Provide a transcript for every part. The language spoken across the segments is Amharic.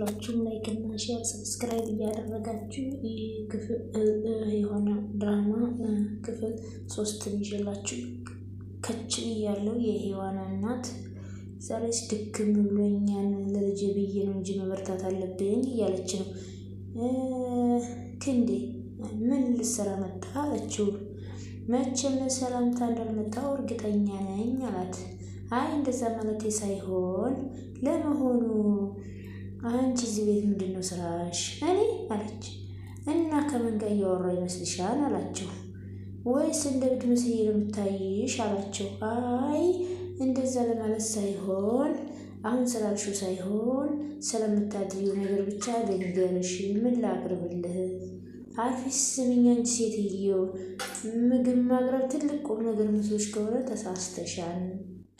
ሁላችሁም ላይክ እና ሼር ሰብስክራይብ እያደረጋችሁ የሆነ ድራማ ክፍል ሶስት ይዤላችሁ ከችን ያለው የሔዋን እናት ዛሬስ ድክም ብሎኛል፣ ለልጅ ብዬ ነው እንጂ መበርታት አለብኝ እያለች ነው። ክንዴ ምን ልሰራ መጣ አለችው። መቼም ሰላምታ እንዳልመጣው እርግጠኛ ነኝ አላት። አይ እንደዛ ማለቴ ሳይሆን ለመሆኑ አንቺ እዚህ ቤት ምንድን ነው ስራሽ? እኔ አለች እና ከምን ጋር እያወራ ይመስልሻል? አላቸው። ወይስ እንደ ብድ መስዬ ነው የምታይሽ? አላቸው። አይ እንደዛ ለማለት ሳይሆን አሁን ስላልሽው ሳይሆን ስለምታድዩ ነገር ብቻ ልንገርሽ። ምን ላቅርብልህ? አፊስ ስሚኝ አንቺ ሴትዮ፣ ምግብ ማቅረብ ትልቅ ቁም ነገር መስሎሽ ከሆነ ተሳስተሻል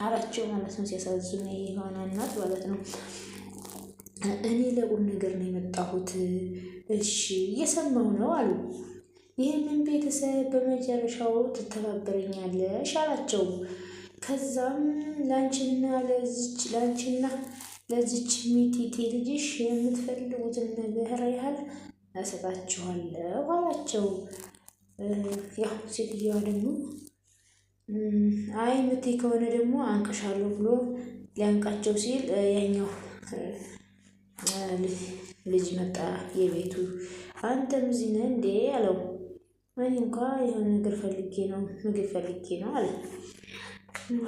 አላቸው ማለት ነው። ሲያሳዝኑ የሆነ እናት ማለት ነው። እኔ ለቁም ነገር ነው የመጣሁት፣ እሺ እየሰማሁ ነው አሉ። ይህንን ቤተሰብ በመጨረሻው ትተባበረኛለሽ አላቸው። ከዛም ላንችና ለዚች ላንቺና ለዚች ሚጢጢ ልጅሽ የምትፈልጉትን ነገር ያህል እሰጣችኋለሁ አላቸው። ያው ሴትዮዋ ደግሞ አይ ምቴ ከሆነ ደግሞ አንቀሻለሁ ብሎ ሊያንቃቸው ሲል ያኛው ልጅ መጣ የቤቱ አንተም እዚህ ነህ እንዴ አለው። እኔ እንኳ የሆነ ነገር ፈልጌ ነው ምግብ ፈልጌ ነው አለ።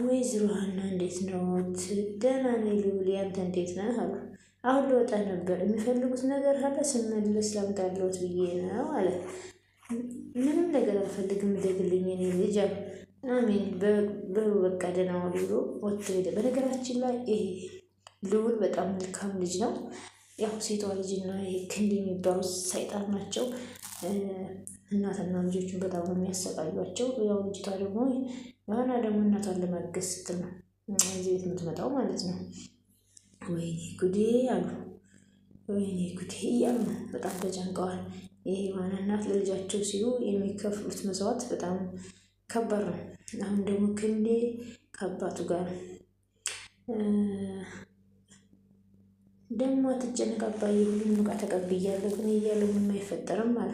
ወይዘሮ ሀና እንዴት ነዎት? ደህና ነኝ ልዑል፣ ያንተ እንዴት ነህ አሉ። አሁን ልወጣ ነበር የሚፈልጉት ነገር አለ ስመለስ ላምጣልዎት ብዬ ነው አለ። ምንም ነገር አልፈልግም እደግልኝ የእኔ ልጅ አሜን በሉ በቃ ደህና ብሎ ወጥቶ ሄደ። በነገራችን ላይ ይሄ ልውል በጣም መልካም ልጅ ነው። ያው ሴቷ ልጅና ክንድ የሚባሉት ሰይጣን ናቸው። እናትና ልጆቹን በጣም ነው የሚያሰቃዩቸው። ያው ልጅቷ ደግሞ የሆነ ደግሞ እናቷን ለማገዝ ስትል ነው እዚህ ቤት የምትመጣው ማለት ነው። ወይኔ ጉዴ አሉ፣ ወይኔ ጉዴ እያሉ በጣም ተጨንቀዋል። የሔዋን እናት ለልጃቸው ሲሉ የሚከፍሉት መስዋዕት በጣም ከባድ ነው። አሁን ደግሞ ክንዴ ከአባቱ ጋር ደግሞ አትጨነቅ አባዬ፣ ሁሉንም ንቃ ተቀብያለሁ። ግን እያለ ምንም አይፈጠርም አለ።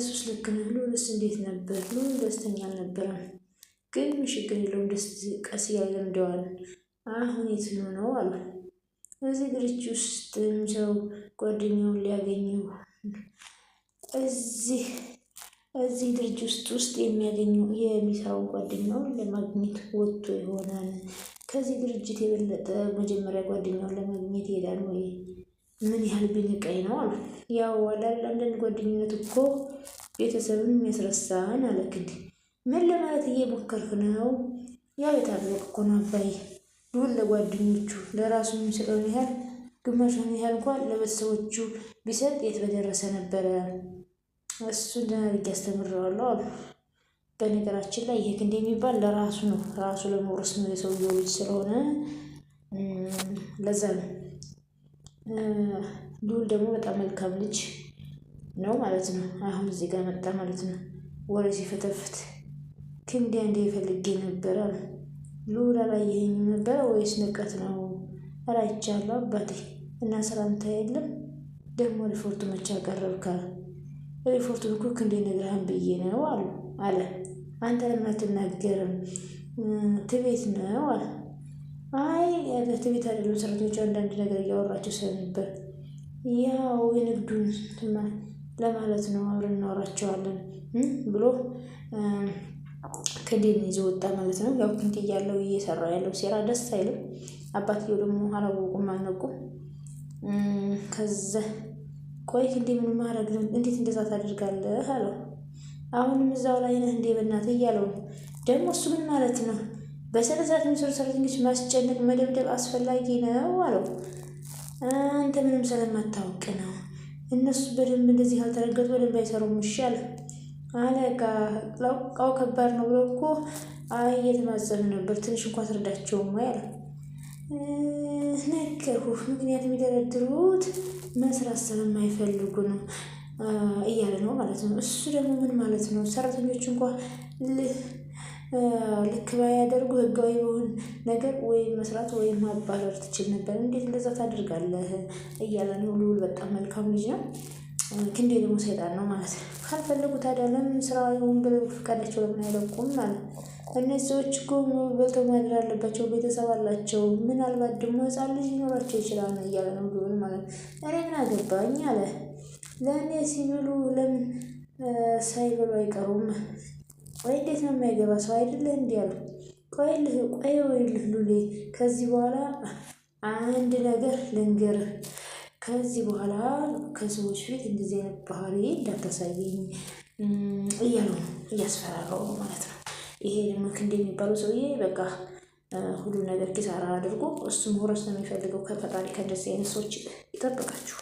እሱስ ልክ ነህ። ሉልስ እንዴት ነበር? ሉል ደስተኛ አልነበረም። ግን ችግር የለውም ደስ ቀስ እያለ እንደዋል። አሁን የት ነው አሉ። እዚህ ድርጅት ውስጥ ሰው ጓደኛውን ሊያገኘው እዚህ እዚህ ድርጅት ውስጥ ውስጥ የሚያገኘው የሚሰራውን ጓደኛውን ለማግኘት ወጥቶ ይሆናል። ከዚህ ድርጅት የበለጠ መጀመሪያ ጓደኛውን ለማግኘት ይሄዳል ወይ? ምን ያህል ብንቀኝ ነው አሉ። ያው አላል አንዳንድ ጓደኝነት እኮ ቤተሰብም ያስረሳን አለ ምን ለማለት እየሞከርክ ነው? ያው የታለቅ እኮ ነው አባዬ ይሁን ለጓደኞቹ ለራሱ የሚሰጠውን ያህል ግማሹን ያህል እንኳን ለቤተሰቦቹ ቢሰጥ የት በደረሰ ነበረ። እሱን ደህና አድርጌ አስተምረዋለሁ አሉ። በነገራችን ላይ ይሄ ክንዴ የሚባል ለራሱ ነው፣ ራሱ ለመውረስ ነው የሰውየው ልጅ ስለሆነ ለዛ ነው። ልዑል ደግሞ በጣም መልካም ልጅ ነው ማለት ነው። አሁን እዚህ ጋር መጣ ማለት ነው። ወሬ ሲፈተፍት ክንዴ እንደ ፈልጌ ነበረ ልዑል አላየኸኝም ነበረ ወይስ ንቀት ነው? አላይቻለሁ አባቴ እና ሰላምታ የለም ደግሞ ሪፖርቱ መቼ አቀረብካ? ሪፖርቱን እኮ ክንዴ ነግረሃን ብዬ ነው አሉ አለ አንተ ለምን አትናገርም? ትቤት ነው አለ። አይ ትቤት አይደለም፣ ሰራተኞች አንዳንድ ነገር እያወራቸው ስለነበር ያው የንግዱን ለማለት ነው አብረን እናወራቸዋለን ብሎ ክንዴን ይዞ ወጣ ማለት ነው። ያው ክንዴ እያለው እየሰራ ያለው ሴራ ደስ አይልም። አባትየው ደግሞ አላወቁም አልነቁም። ከዛ ቆይ ክንዴ ምን ማድረግ ነው? እንዴት እንደዛ ታደርጋለህ አለው። አሁንም እዛው ላይ ነህ እንዴ በእናትህ እያለው ነው። ደግሞ እሱ ምን ማለት ነው? በሰነስርዓት የሚሰሩ ሰራተኞች ማስጨነቅ፣ መደብደብ አስፈላጊ ነው አለው። አንተ ምንም ስለማታውቅ ነው። እነሱ በደንብ እንደዚህ አልተረገጡ በደንብ አይሰሩም። እሺ አለቃ። እቃው ከባድ ነው ብሎ እኮ አይ እየተማዘኑ ነበር። ትንሽ እንኳ ትረዳቸውም ወይ አለ ነገርኩህ። ምክንያት የሚደረድሩት መስራት ስለማይፈልጉ ነው። እያለ ነው ማለት ነው። እሱ ደግሞ ምን ማለት ነው? ሰራተኞች እንኳ ልክ ባያደርጉ ህጋዊ በሆን ነገር ወይም መስራት ወይም ማባረር ትችል ነበር። እንዴት እንደዛ ታደርጋለህ? እያለ ነው። ልውል። በጣም መልካም ልጅ ነው። ክንዴ ደግሞ ሰይጣን ነው ማለት ነው። ካልፈለጉ ታዲያ ለምን ስራ ሆን ብለው ፈቃዳቸው ለምን አይለቁም ማለት ነው። እነዚህ ሰዎች እኮ በልተው ማደር አለባቸው፣ ቤተሰብ አላቸው። ምናልባት ደግሞ ህፃን ልጅ ሊኖራቸው ይችላል እያለ ነው ማለት ነው። እኔ ምን አገባኝ አለ ለእኔ ሲብሉ ለምን ሳይበሉ አይቀሩም? ወይ እንዴት ነው የማይገባ ሰው አይደለ? እንዲህ አሉ። ቆይልህ ቆይ ወይልህ ሉሌ፣ ከዚህ በኋላ አንድ ነገር ልንገር። ከዚህ በኋላ ከሰዎች ፊት እንደዚህ አይነት ባህሪ እንዳታሳየኝ እያሉ ነው እያስፈራረው ማለት ነው። ይሄ ደግሞ ክንድ የሚባለው ሰውዬ በቃ ሁሉ ነገር ኪሳራ አድርጎ እሱም ሆረስ ነው የሚፈልገው። ከፈጣሪ ከእንደዚህ አይነት ሰዎች ይጠብቃችሁ።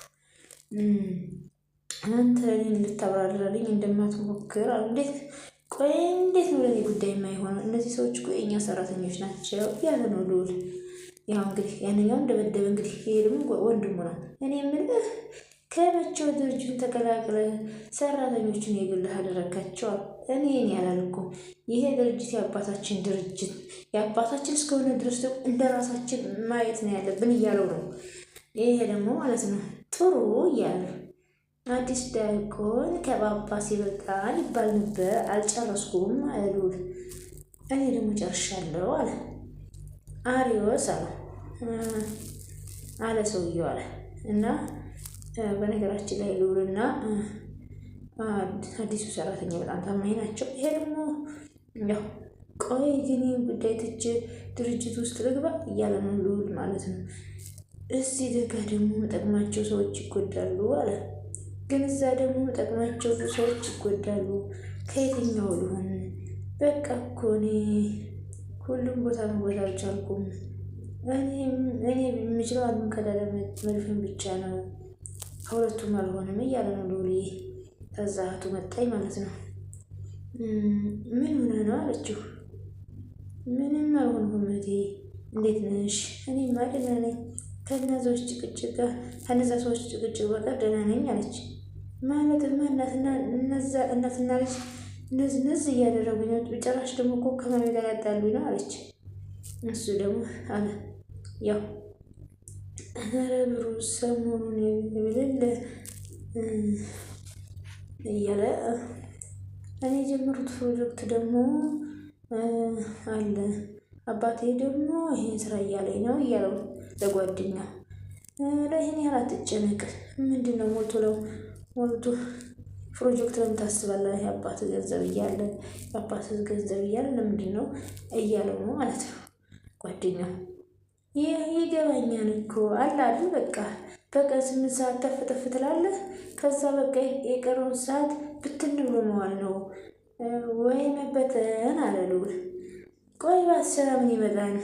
አንተ ልታብራራልኝ እንደማትሞክር እንዴት ቆይ እንዴት ነው ለዚህ ጉዳይ የማይሆነው? እነዚህ ሰዎች እኮ የእኛ ሰራተኞች ናቸው ያለ ነው ልዑል። ያው እንግዲህ ያንኛውን ደበደበ። እንግዲህ ይሄ ደግሞ ወንድሙ ነው። እኔ የምልህ ከመቼው ድርጅቱን ተቀላቅለ ሰራተኞችን የግልህ አደረጋቸዋል? እኔን ያላልኩ ይሄ ድርጅት የአባታችን ድርጅት የአባታችን እስከሆነ ድረስ ደግሞ እንደ ራሳችን ማየት ነው ያለብን እያለው ነው። ይሄ ደግሞ ማለት ነው ጥሩ እያለ አዲስ ዲያቆን ከጳጳስ ይበልጣል ይባል ነበር። አልጨረስኩም አሉት። እኔ ደግሞ ጨርሻለሁ አለ አሪዮስ አለ አለ ሰውየው አለ እና በነገራችን ላይ ልዑልና አዲሱ ሰራተኛ በጣም ታማኝ ናቸው። ይሄ ደግሞ ያው ቆይ ግን ጉዳይ ትቼ ድርጅት ውስጥ ልግባ እያለ ነው ልዑል ማለት ነው። እዚህ ደጋ ደግሞ መጠቅማቸው ሰዎች ይጎዳሉ አለ ግን እዛ ደግሞ ጠቅማቸው ሰዎች ይጎዳሉ። ከየትኛው ልሆን? በቃ እኮ እኔ ሁሉም ቦታ መጎዳ አልቻልኩም። እኔ የምችለው አንዱን ከዳለ መድፈን ብቻ ነው፣ ከሁለቱም አልሆንም እያለ ነው ሎሌ። ከዛ እህቱ መጣኝ ማለት ነው። ምን ሆነ ነው አለችው። ምንም አልሆንኩም እህቴ፣ እንዴት ነሽ? እኔማ ደህና ነኝ፣ ከነዛ ሰዎች ጭቅጭቅ በቀር ደህና ነኝ አለች። ማለትማ እናትና እነዛ እናትና ልጅ ንዝንዝ እያደረጉ ነው። ጭራሽ ደግሞ እኮ ከመሬ ጋር ያጣሉ ነው አለች። እሱ ደግሞ አለ ያው ኧረ ብሩ ሰሞኑን ብልል እያለ እኔ የጀመሩት ፕሮጀክት ደግሞ አለ አባቴ ደግሞ ይህን ስራ እያለኝ ነው እያለው ለጓደኛ ለይህን ያህል አትጨነቅ ምንድን ነው ሞልቶ ለው ወልዱ ፕሮጀክት ለምን ታስባለህ? የአባት ገንዘብ እያለ የአባት ገንዘብ እያለ ለምንድን ነው እያለው ነው ማለት ነው። ጓደኛው ይገባኛል እኮ አለ አይደል በቃ በቀን ስምንት ሰዓት ተፍ ተፍ ትላለህ። ከዛ በቃ የቀረውን ሰዓት ብትን ብሎ መዋል ነው ወይ መበተን አለ ልዑል። ቆይ ባትሰራ ምን ይመጣል?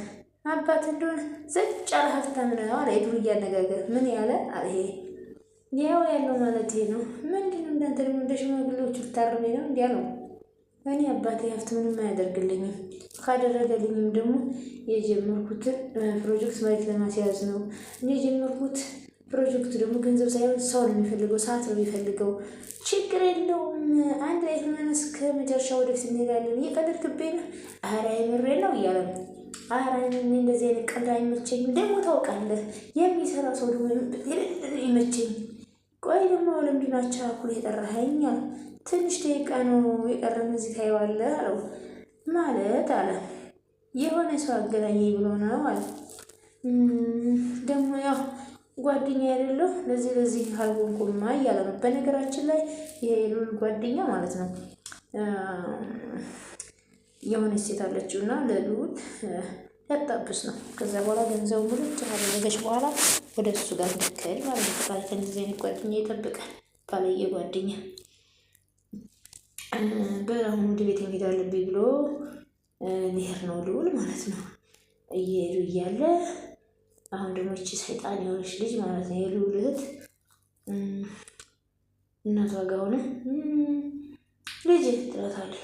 አባት እንደሆነ ዘጭ ያለ ሀብታም ነው አለ የዱርዬ አነጋገር። ምን ያለ አለ ይሄ ያው ያለው ማለት ነው። ምንድነው እንዳንተ ደግሞ እንደ ሽማግሌዎች ልታርሜ ነው? እንዲያ ነው። እኔ አባቴ ሀብት ምንም አያደርግልኝም። ካደረገልኝም ደግሞ የጀመርኩት ፕሮጀክት መሬት ለማስያዝ ነው። እኔ የጀመርኩት ፕሮጀክቱ ደግሞ ገንዘብ ሳይሆን ሰው ነው የሚፈልገው፣ ሰዓት ነው የሚፈልገው። ችግር የለውም አንድ ላይ ሆነን እስከ መጨረሻ ወደፊት እንሄዳለን። እየቀለድክብኝ ነው። ኧረ የምሬ ነው እያለ ነው። ኧረ እንደዚህ አይነት ቀልድ አይመቸኝም። ደግሞ ታውቃለህ፣ የሚሰራ ሰው ደግሞ ይመቸኝ ቆይ ደግሞ ለምንድን አቻኩል የጠራኸኝ? ትንሽ ደቂቃ ነው የቀረን እዚህ ታየዋለህ አለው። ማለት አለ የሆነ ሰው አገናኘ ብሎ ነው አለ። ደግሞ ያው ጓደኛ አይደለሁ ለዚህ ለዚህ ካልሆንኩማ እያለ ነው። በነገራችን ላይ የሉል ጓደኛ ማለት ነው የሆነ ሴት አለችው እና ለሉል ያጣብስ ነው። ከዛ በኋላ ገንዘቡ ሙሉ ካደረገች በኋላ ወደ እሱ ጋር ትክል ማለት ነው። ባል ከእንደዚህ ጓደኛ ይጠብቃል። ባልየ ጓደኛ በአሁኑ ወደ ቤት መሄድ አለብኝ ብሎ ሊሄድ ነው ልውል ማለት ነው። እየሄዱ እያለ አሁን ደግሞ ይቺ ሰይጣን የሆነች ልጅ ማለት ነው የልውል እህት እናቷ ጋር ሆነ ልጅ ትላታለች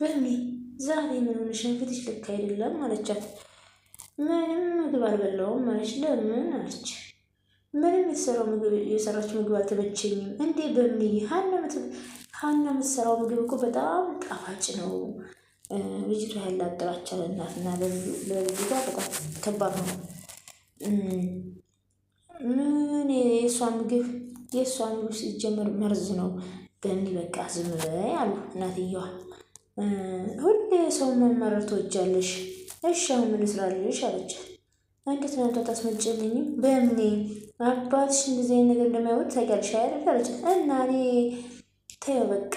በሚ ዛሬ ምን ሆነሽ ፊትሽ ልክ አይደለም አለቻት። ምንም ምግብ አልበላውም አለች። ለምን አለች። ምንም የተሰራው ምግብ የሰራችው ምግብ አልተመቸኝም። እንዴ በምን ሀና የምትሰራው ምግብ እኮ በጣም ጣፋጭ ነው። ልጅቷ ያላት ጥላቻ ለእናት እና ለልጅቷ በጣም ከባድ ነው። ምን የእሷ ምግብ የእሷ ምግብ ሲጀመር መርዝ ነው። በምን በቃ ዝም በይ አሉ እናትየዋል ሁሌ ሰው ማማረር ትወጃለሽ። እሺ አሁን ምን ስራለሽ? አለች እንዴት ነው አንተ ታስመጭልኝም? በእምኔ አባትሽ እንደዚህ አይነት ነገር እንደማይወድ ታውቂያለሽ አይደል? አለቻት። እና እኔ ተይው በቃ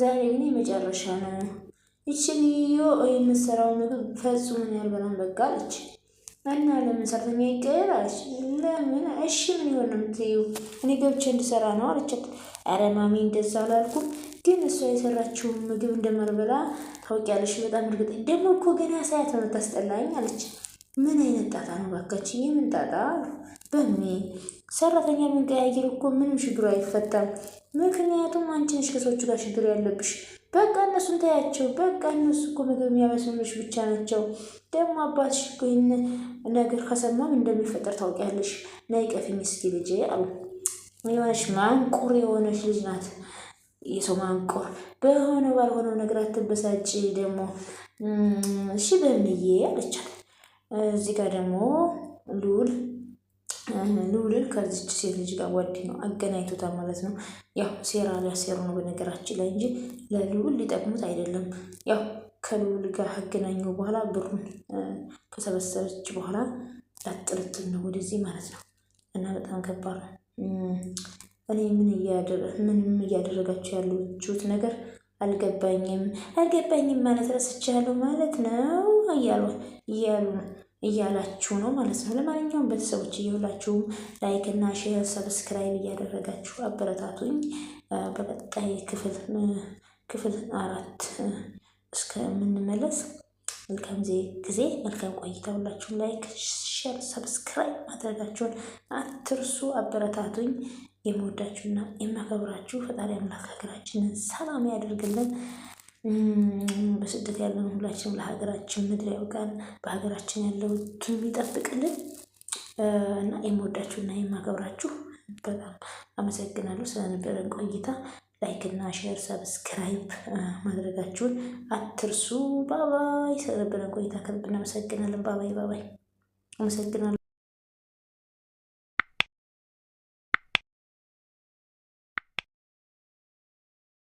ዛሬ ግን የመጨረሻ ነው። ዮ የምሰራው ምግብ ፈጹም ፈጽሞ ያልበላም በቃ አለች። እና ለምን ሰርተኛ ይቀየር አለች። ለምን እሺ ምን ይሆን ነው የምትይው? እኔ ገብቼ እንድሰራ ነው አለቻት። አረ ማሚ እንደዛ አላልኩም ግን እሷ የሰራችውን ምግብ እንደማልበላ ታውቂያለሽ። በጣም እርግጠ ደግሞ እኮ ገና ሳያት ነው ታስጠላኝ አለች። ምን አይነት ጣጣ ነው ባካችን? የምን ጣጣ በሚል ሰራተኛ ብንቀያየር እኮ ምንም ችግሩ አይፈታም። ምክንያቱም አንቺ ነሽ ከሰዎቹ ጋር ችግር ያለብሽ። በቃ እነሱን ታያቸው። በቃ እነሱ እኮ ምግብ የሚያበስሉልሽ ብቻ ናቸው። ደግሞ አባትሽ እኮ ይህን ነገር ከሰማም እንደሚፈጠር ታውቂያለሽ። ናይ ቀፊኝ እስኪ ልጄ አሉ። የሆነች ማንቁር የሆነች ልጅ ናት። የሰው ማንቆር በሆነ ባልሆነው ነገር አትበሳጭ። ደግሞ እሺ በምዬ አለቻት። እዚህ ጋር ደግሞ ሉል ልዑልን ከዚች ሴት ልጅ ጋር ነው አገናኝቶታል ማለት ነው። ያው ሴራ ሊያሴሩ ነው በነገራችን ላይ እንጂ ለሉል ሊጠቅሙት አይደለም። ያው ከሉል ጋር አገናኘው በኋላ ብሩን ከሰበሰበች በኋላ ላጥርትን ነው ወደዚህ ማለት ነው። እና በጣም ከባድ ነው። እኔ ምን እያደረጋችሁ ያለችሁት ነገር አልገባኝም አልገባኝም ማለት ረስቻለሁ ማለት ነው እያሉ እያሉ እያላችሁ ነው ማለት ነው። ለማንኛውም ቤተሰቦች እየሁላችሁም ላይክ እና ሼር ሰብስክራይብ እያደረጋችሁ አበረታቱኝ። በቀጣይ ክፍል ክፍል አራት እስከምንመለስ መልካም ጊዜ መልካም ቆይታ። ሁላችሁም ላይክ ሼር ሰብስክራይብ ማድረጋችሁን አትርሱ። አበረታቱኝ። የምወዳችሁና የማከብራችሁ ፈጣሪ አምላክ ሀገራችንን ሰላም ያደርግልን። በስደት ያለን ሁላችንም ለሀገራችን ምድር ያውቃል። በሀገራችን ያለውትን ይጠብቅልን እና የምወዳችሁና የማከብራችሁ በጣም አመሰግናለሁ ስለነበረን ቆይታ። ላይክ እና ሼር፣ ሰብስክራይብ ማድረጋችሁን አትርሱ። ባባይ። ስለነበረን ቆይታ ከልብ እናመሰግናለን። ባባይ ባባይ። አመሰግናለሁ።